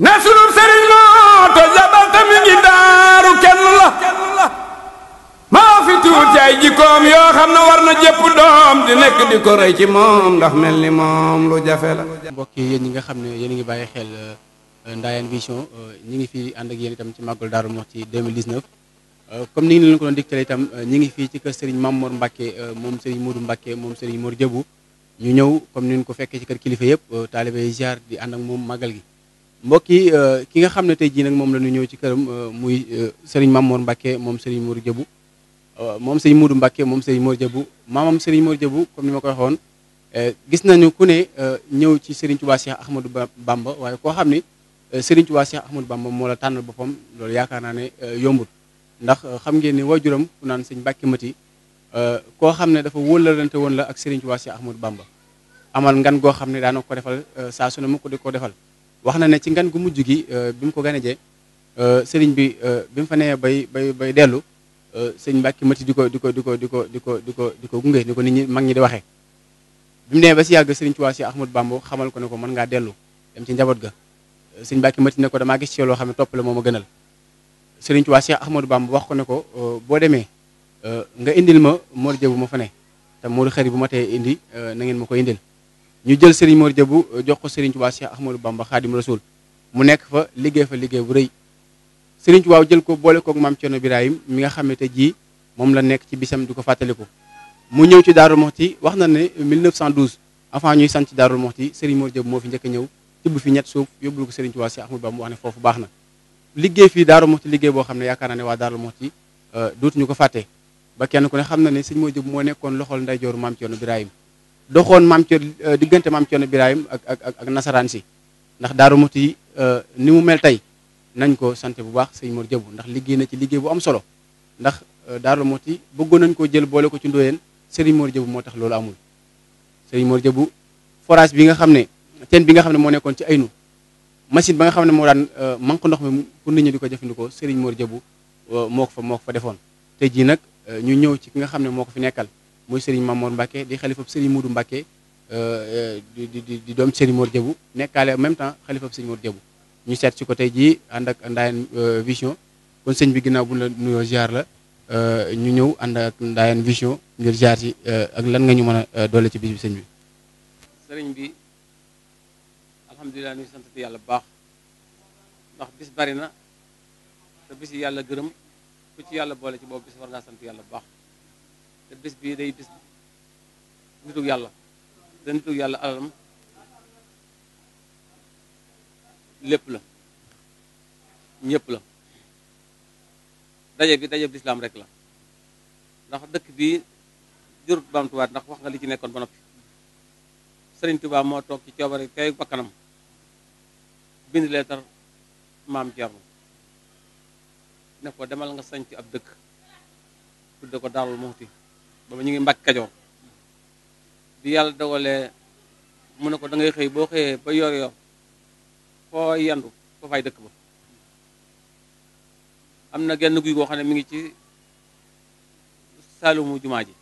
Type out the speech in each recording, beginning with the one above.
ne sunu sëriñ moo toj la ba te ngi daaru kenn la maa fi tuut ci jikkoom yoo xam ne war na jëpp doom di nekk di ko rey ci moom ndax mel ni moom lu jafe la. mbokk yi ñi nga xam ne yéen a ngi bàyyi xel euh, Ndayane Vision euh, ñi ngi fi ànd ak yéen itam ci màggal Daaru Muxti 2019 euh, comme ni ñu leen ko doon digtale itam ñi ngi fii ci kër Serigne Mamour Mbacke moom Serigne Modou Mbacke moom Serigne Mor Diabou ñu ñëw comme ni ñu ko fekkee ci kër kilifa yëpp taalibe yi ziar ànd ak moom màggal gi. mbokk yi euh, ki nga xam ne tey jii nag moom la ñu ñëw ci këram euh, muy euh, Serigne Mamour Mbacke moom Serigne Mour Diabou moom Serigne Moudou Mbacke moom Serigne Mour Diabou maamam Serigne Mour Diabou comme ni ma ko waxoon gis nañu ku ne ñëw ci Serigne Touba Cheikh Ahmadou Bamba waaye koo xam ne Serigne Touba Cheikh Ahmadou Bamba moo la tànnal boppam loolu yaakaar naa ne yombul ndax xam ngeen ni juram ku naan sëñ Mbacke Mati koo xam ne dafa wóolalante woon la ak Serigne Touba Cheikh Ahmadou Bamba amal ngan goo xam ne daana ko defal saa su ne mu ko defal wax na ne ci ngan gu mujj gi euh, bi mu ko gane jee euh, sëriñ bi euh, bi mu fa nee bay bay bay dellu sëriñ Mbàkke mati di ko di ko di ko di ko di ko di ko di ko gunge ni ko nit ñi mag ñi di waxee bi mu nee ba si yàgg sëriñ Tuubaa si Ahmadu Bamba xamal ko ne ko mën ngaa dellu dem ci njaboot ga sëriñ Mbàkke mati ne ko damaa gis ci loo xam ne topp la moo ma gënal sëriñ Tuubaa si Ahmadu Bamba wax ko ne ko boo demee nga indil ma mor jë bu ma fa ne te moodu xari bu ma tee indi na ngeen ma ko indil ñu jël Serigne Mor bu euh, jox ko Serigne Touba Cheikh Ahmadou Bamba Khadim Rasoul mu nekk fa liggéey fa liggéey bu rëy Serigne Touba jël ko boole koog maam Thierno Birahim mi nga xam ne jii moom la nekk ci bisam di ko ko mu ñëw ci Darou Mokhti wax na ne 1912 avant ñuy sant daaru Mokhti Serigne Mor Diabou moo fi njëkk a ñëw tibb fi ñett suuf yóbbul ko Serigne Touba Cheikh Ahmadou Bamba wax ne foofu baax na. liggéey fii Darou Mokhti liggéey boo xam ne yaakaar naa ne waa Darou Mokhti euh, dootuñu ko fàtte ba kenn ku ne xam na ne Serigne Mor moo nekkoon loxol ndeyjooru maam Thierno Birahim doxoon maam Thierno euh, diggante maam Thierno Birahim ak ak nasaraan si ndax Daaru Muti euh, ni mu mel tey nañ ko sante bu baax sëñ moor Diabou ndax liggéey na ci liggéey bu am solo ndax euh, Daaru Muti bëggoon nañ koo jël boole ko ci Ndoyeen sëriñ moor Diabou moo tax loolu amul sëriñ Mor Diabou forage bi nga xam ne teen bi nga xam ne moo nekkoon ci Aynu machine ba nga xam ne moo daan manque ndox mi pour nit ñi di ko jëfandikoo sëriñ moor Diabou moo ko fa moo ko fa defoon tey jii nag ñu ñëw ci ki nga xam ne moo ko fi nekkal muy Serigne Mamour Mbacke di xalifab Serigne Moudou Mbacke euh, euh, di di di doom Serigne Mor Diabou nekkaale en même temps xalifab Serigne Mor Diabou ñu seet si ko tey jii ànd ak Ndayane euh, Vision kon sëñ bi ginnaaw bu la nuyoo ziar la ñu ñëw ànd ak Ndayane Vision ngir ziar si ak lan nga ñu mën a doole ci bis bi sëñ bi. sëriñ bi alhamdulilah ñu yàlla bu baax ndax bis bari na te bis yi yàlla gërëm ku ci yàlla boole ci boobu bis war ngaa sant yàlla bu baax. te bis bii day bis nitug yàlla te nitug yàlla alalam lépp la ñëpp la daje bi daje bi lislaam rek la ndax dëkk bi jurut baamtuwaat ndax wax nga li ci nekkoon ba noppi sëriñ Tuubaa moo toog ci coobare kay bakkanam bind leetar maam Cerno ne ko demal nga sañc ab dëkk tudde ko daalul Muxti booba ñu ngi Mbàkke Kajoor bi yàlla dogalee mu ne ko dangay xëy boo xëyee ba yor yor foo yandu foo fay dëkk ba am na genn guy goo xam ne mi ngi ci saalumu jumaa ji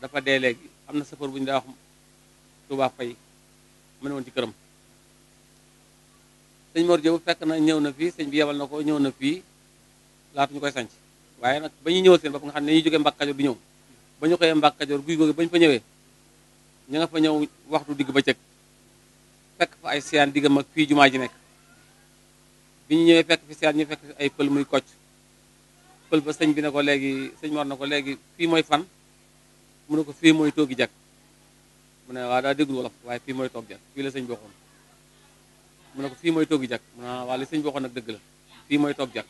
dafa dee léegi am na safar bu ñu daa wax Tuubaa fay mu woon ci këram sëñ Mor Diop fekk na ñëw na fii sëñ bi yebal na ko ñëw na fii laata ñu koy sanc waaye nag ba ñuy ñëwal seen bopp nga xam ne ñu jóge Mbàkke Kajoor bi ñëw ba ñu xëyee Mbàkke Kajoor guy googu ba ñu fa ñëwee ñu fa ñëw waxtu digg ba cëg fekk fa ay siyaan diggam ak fii jumaa ji nekk bi ñu ñëwee fekk fi siyaan ñu fekk ay pël muy kocc pël ba sëñ bi ne ko léegi sëñ war na ko léegi fii mooy fan mu ne ko fii mooy toogi jag mun ne waaw daa déggul wolof waaye fii mooy toog jag fii la sëñ mu ne ko fii mooy toogi jag mu ne li sëñ bi waxoon nag dëgg la fii mooy toog jag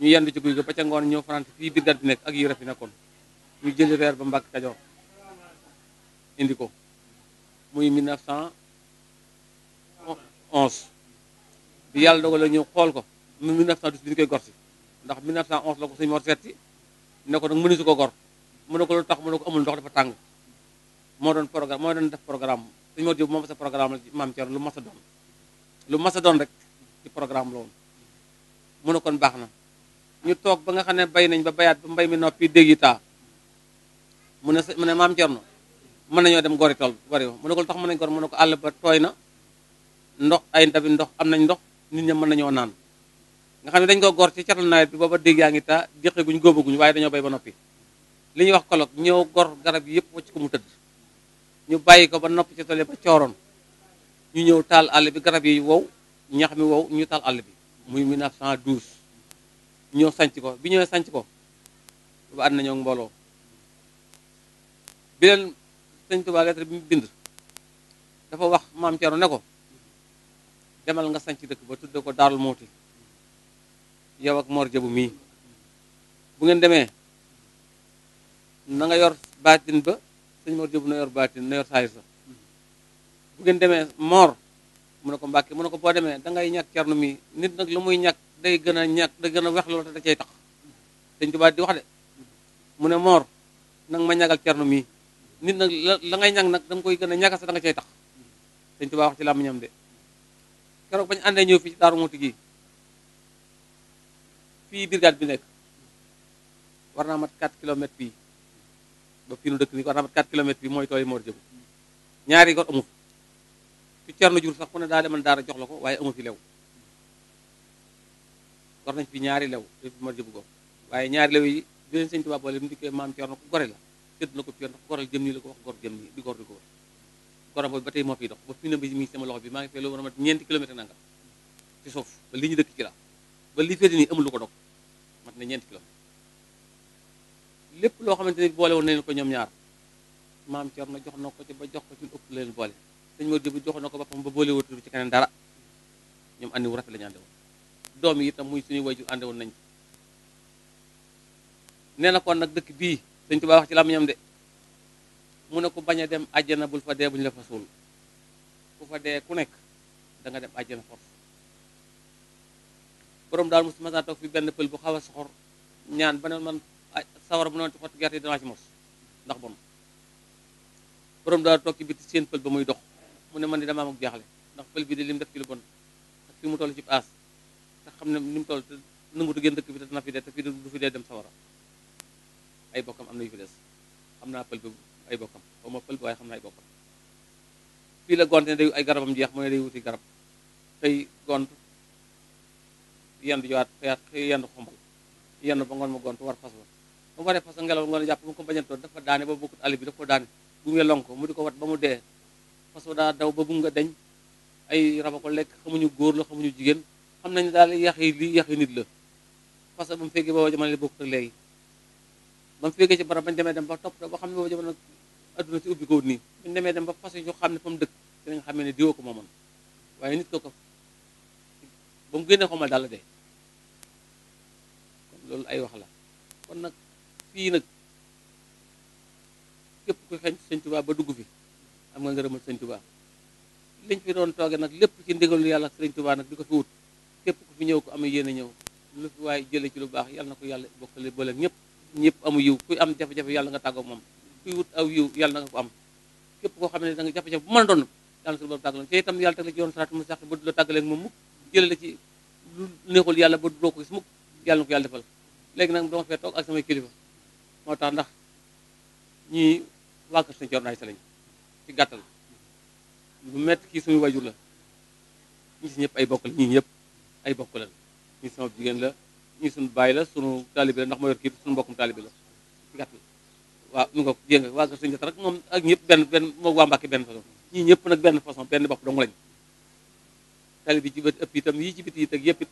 ñu yendu ci guy ga ba ca ngoon ñëw fanaan fii biir dat bi nekk ak yu rafet nekkoon ñu jëli reer ba Mbàkke Kajoor indi ko muy 1911 bi yàlla dogalee ñu xool ko mu 1912 bi ñu koy gor si ndax 1911 la ko sëñ Mor setti ne ko nag si ko gor mu ne ko lu tax mu ne ko amul ndox dafa tàng moo doon programme moo doon def programme sëñ Mor Jóob moom sa programme la maam Thierno lu mas a doon lu mas a doon rek ci programme la woon mu ne kon baax na ñu toog ba nga xam ne bay nañ ba bayaat ba mbay mi noppi dégg yi mu ne sa mu ne maam Cerno mën nañoo dem gori tool gori mu ne ko tax mën nañ ko mu ne ko àll ba tooy na ndox ay ndabi ndox am nañ ndox nit ña mën nañoo naan nga xam ne dañ ko gor ci catal nawet bi booba dégg yaa ngi taa jéqeguñ góobaguñ waaye dañoo bay ba noppi li ñuy wax kolog ñëw gor garab yëpp wacc ko mu tëdd ñu bàyyi ko ba noppi ci ba cooroon ñu ñëw taal àll bi garab yi wow ñax mi wow ñu taal àll bi muy 1912 ñëw sanc ko bi ñëwee sanc ko ba ànd mbooloo bi leen sëñ Tuubaa lettre bi mu bind dafa wax maam Cerno ne ko demal nga sanc dëkk ba tudde ko Daarul Muuti yow ak Mor Jabu mii bu ngeen demee na nga yor baatin ba sëñ Mor Jabu na yor baatin na yor saayir bu ngeen demee Mor mu ne ko Mbàkke mu ne ko boo demee da ngay ñàkk Cerno mii nit nag lu muy ñàkk day gën a ñàkk day gën a wex loolu te da cay tax sëñ Tuubaa di wax de mu ne Mor nag ma ñàggal Cerno mii nit nag la ngay ñang nag da koy gën a ñàkkasa da danga cay tax sëñ Tuubaa wax ci làmmiñam de keroog bañ àndee ñëw fi ci Daaru Muxti gii fii brigade bi nekk war naa mat 4 kilomètres fii ba fii nu dëkk nii war mooy tool moo Mor Jëbu ñaari gor amu fi cerno jur sax ku ne daa demal daara jox la ko waaye amu fi lew war nañ fi ñaari lew def Mor Jëbu go waaye ñaari lew yi beneen sëñ Tuubaa boole mu dikkee maam cerno ku gore la sédd na ko piir ndax goral jëm nii la ko wax gor jëm nii di gor di góor goram ba tey moo fiy dox ba fi na bi mi sama loxo bi maa ngi fee lu war a mat ñeenti kilomètre nangam ci suuf ba li ñu dëkk ci la ba li féete nii amul lu ko dog mat na ñeenti kilomètre lépp loo xamante ni boole woon nañu ko ñoom ñaar maam cor na jox na ko ci ba jox ko ci ëpp leen boole sëñ Mor Diop jox na ko boppam ba boole wutul ci ñoom àndi wu rafet la ñu àndi muy suñuy wayjur àndi woon na kon nag dëkk bii sëñ Tuubaa wax ci làmmiñam de mu ne ko bañ a dem àjjana bul fa dee bu ñu la fa suul ku fa dee ku nekk danga nga dem àjjana force borom daal mos masaa toog fi benn pël bu xaw a soxor ñaan ba ne man sawar bu noonu ci xottu gerte danaa ci mos ndax bon borom daal toog ci biti seen pël ba muy dox mu ne man di dama am ak jaaxle ndax pël bi di lim def ci lu bon fi mu toll ci aas te xam ne ni mu toll te nangutu génn dëkk bi te dana fi dee te fii du fi dee dem sawara ay bokkam am na yu fi des xam naa pël bi ay bokkam xaw xam naa ay bokkam fii la gonte ay garabam jeex mu ne wuti garab xëy gont yendu jowaat xëyaat xëy yendu xombal gont wa ba mu waree fas jàpp ko bañantoo dafa daane ba bokkut àll bi dafa ko daane mu di ko wat ba mu dee fas wa daa daw ba bu nga deñ ay raba ko lekk xamuñu góor la xamuñu jigéen xam nañ daal yax yi lii yax yi nit la fas wa ba mu fekkee booba jamono bokkut ak léegi ba mu fekkee ci barab bañ demee dem ba topp ba xam ne boobu jamono adduna si ubbi ko nii buñ demee dem ba fas ñu xam ne fa mu dëkk dinañ xam ne diwoo ko moomoon waaye nit ko ko ba mu génnee xomal daal la dee loolu ay wax la kon nag fii nag képp ku xeeñ sëñ Tuubaa ba dugg fi am nga ngërëmal sëñ Tuubaa lañ fi doon tooge nag lépp ci ndigalu yàlla ak sëñ Tuubaa nag di ko fi wut képp ku fi ñëw ko am yéene ñëw lu fi waaye jëlee ci lu baax yàlla na ko yàlla bokkale boole ñëpp ñëpp amuy yiw kuy am jafe-jafe yàlla nga tàggoo moom kuy wut aw yiw yàlla nga ko am képp koo xam ne danga nga jafe-jafe bu man a doon yàlla suñu borom tàggaloon te itam yàlla teg la ci yoon saraat mu sax ba la tàggaleeg moom mukk jëlee ci lu neexul yàlla ba doo ko gis mukk yàlla na ko yàlla defal léegi nag dama fee toog ak samay kilifa moo tax ndax ñii waa kër sëñ Coor Nday Sa lañ ci gàttal lu métti kii suñu waajur la ñi si ñëpp ay bokk la ñii ñëpp ay bokk la ñii sama jigéen la ñii suñu bàyyi la sunu taalibi la ndax ma yor kii suñu mbokkum taalibi la ci gàtt waaw ñu nga jénga waa kër sëñ nag moom ak ñëpp benn benn moom waa Mbàkke benn façon ñii ñëpp nag benn façon benn bopp dong lañ taalibi ci bët ëpp itam yii ci biti yi teg yëpp it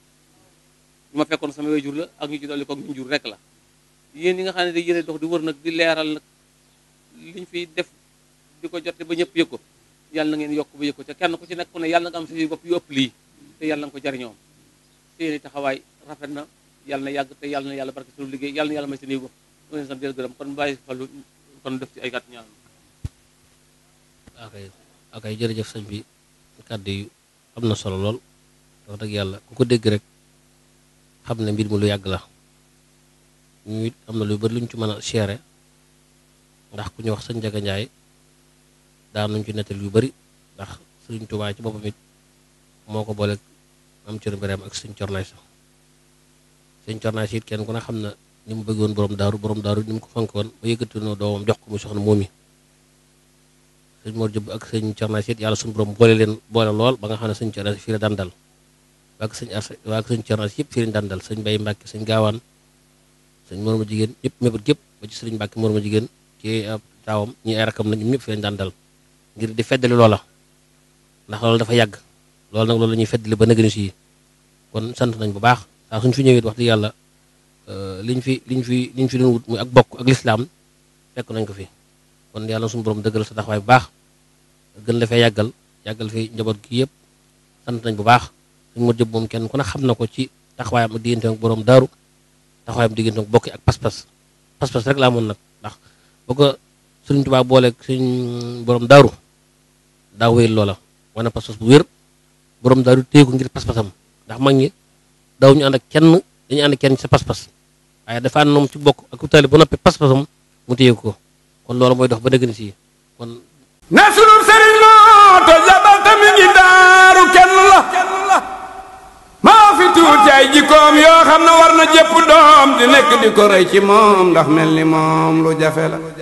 ñu ma fekkoon sama waajur la ak ñu ci dolli jur rek la yéen ñi nga xam ne da yéene dox di wër nag di leeral nag liñ fiy def di ko jotte ba ñëpp yëg ko yàlla na ngeen yokk ba yëg ko te kenn ku ci nekk ku ne yàlla nga am sa bopp yu ëpp yàlla na yàgg te yàlla na yàlla barke suñu liggéey yàlla na yàlla may seen yiw mu ngi sant gërëm kon bàyyi fallu kon def ci ay kàddu ñaan ok ok jërëjëf sañ bi kàddu yu am na solo lool wax dëgg yàlla ku ko dégg rek xam ne mbir mi lu yàgg la ñu am na lu bari lu ñu ci mën a seere ndax ku ñu wax sëñ Njaga Njaay daan nañ ci nettal yu bari ndax sëriñ Tuubaa ci boppam it moo ko boole am cër ak sëñ Cornay sax sëñ cornage it kenn ku ne xam na ni mu bëggoon borom daaru borom daaru ni mu ko fonk woon ba yëkkatinoo doomam jox ko muy soxna moom yi sëñ Mor jub ak sëñ cornage it yàlla suñu borom boole leen boole lool ba nga xam ne sëñ cornage fii la daan dal waak sëñ ars waak sëñ yëpp fii lañ daan dal sëñ Mbay Mbàkke sëñ gaawaan sëñ moroma jigéen ñëpp mébét gépp ba ci sëriñ Mbàkke moroma jigéen ci ab taawam ñi ay rakam nañ ñëpp fii lañ ngir di feddali loola ndax loolu dafa yàgg loolu nag loolu la ñuy feddali ba nëgëni si kon sant bu baax saa suñ fi ñëwee wax dëgg yàlla euh, liñ fi liñ fi liñ fi doon wut muy ak bokk ak lislaam fekk nañ ko fi kon yàlla suñu borom dëggal sa taxawaay bu baax gën la fee yàggal yàggal fi njaboot gi yëpp sant nañ bu baax suñ mot jëb moom kenn ku ne xam na ko ci taxawaayam ak diggante ak borom daaru taxawaayam diggante ak bokk ak pas-pas pas-pas rek laa amoon ndax boo ko Sëriñ Tuubaa booleeg suñ borom daaru daa wéyal loola wana pas-pas bu wér borom daaru téye ko ngir pas-pasam ndax mag ñi daw ñu ànd ak kenn dañu ànd kenn ci pas-pas waaye dafa ànd moom ci bokk ak utali bu noppi pas-pasam mu téye ko kon loolu mooy dox ba dëgg ni si kon ne sunu sëriñ loo to jabalta mi ngi daaru kenn la maa fi tuuti ay jikkoom yoo xam ne war na jëpp doom di nekk di ko rey ci moom ndax mel ni moom lu jafe la